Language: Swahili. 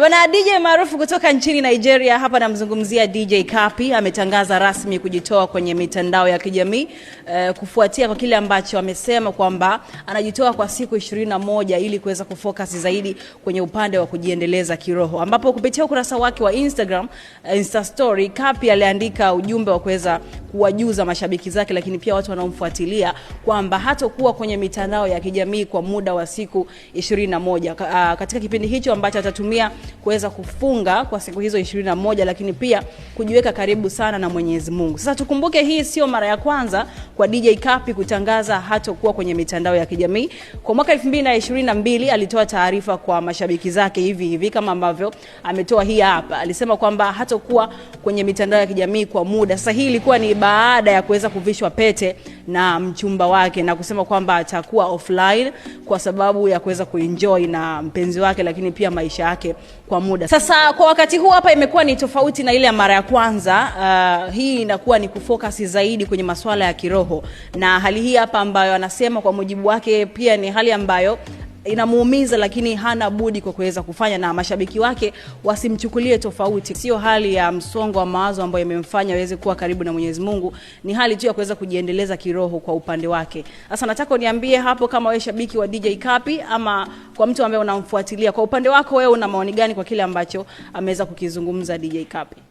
Bwana DJ maarufu kutoka nchini Nigeria, hapa namzungumzia DJ Kapi, ametangaza rasmi kujitoa kwenye mitandao ya kijamii eh, kufuatia kwa kile ambacho amesema kwamba anajitoa kwa siku 21 ili kuweza kufocus zaidi kwenye upande wa kujiendeleza kiroho, ambapo kupitia ukurasa wake wa Instagram, eh, Insta story, Kapi aliandika ujumbe wa kuweza kuwajuza mashabiki zake, lakini pia watu wanaomfuatilia kwamba hatakuwa kwenye mitandao ya kijamii kwa muda wa siku 21 ah, katika kipindi hicho ambacho atatumia kuweza kufunga kwa siku hizo 21, lakini pia kujiweka karibu sana na Mwenyezi Mungu. Sasa tukumbuke hii sio mara ya kwanza kwa DJ Kapi kutangaza hatakuwa kwenye mitandao ya kijamii. Kwa mwaka 2022 alitoa taarifa kwa mashabiki zake hivi hivi kama ambavyo ametoa hii hapa, alisema kwamba hatakuwa kwenye mitandao ya kijamii kwa muda. Sasa hii ilikuwa ni baada ya kuweza kuvishwa pete na mchumba wake na kusema kwamba atakuwa offline kwa sababu ya kuweza kuenjoy na mpenzi wake, lakini pia maisha yake kwa muda. Sasa kwa wakati huu hapa imekuwa ni tofauti na ile ya mara ya kwanza. Uh, hii inakuwa ni kufocus zaidi kwenye masuala ya kiroho, na hali hii hapa ambayo anasema kwa mujibu wake pia ni hali ambayo inamuumiza, lakini hana budi kwa kuweza kufanya, na mashabiki wake wasimchukulie tofauti. Sio hali ya msongo wa mawazo ambayo imemfanya aweze kuwa karibu na Mwenyezi Mungu, ni hali tu ya kuweza kujiendeleza kiroho kwa upande wake. Sasa nataka uniambie hapo, kama wewe shabiki wa DJ Kapi ama kwa mtu ambaye unamfuatilia, kwa upande wako wewe una maoni gani kwa kile ambacho ameweza kukizungumza DJ Kapi?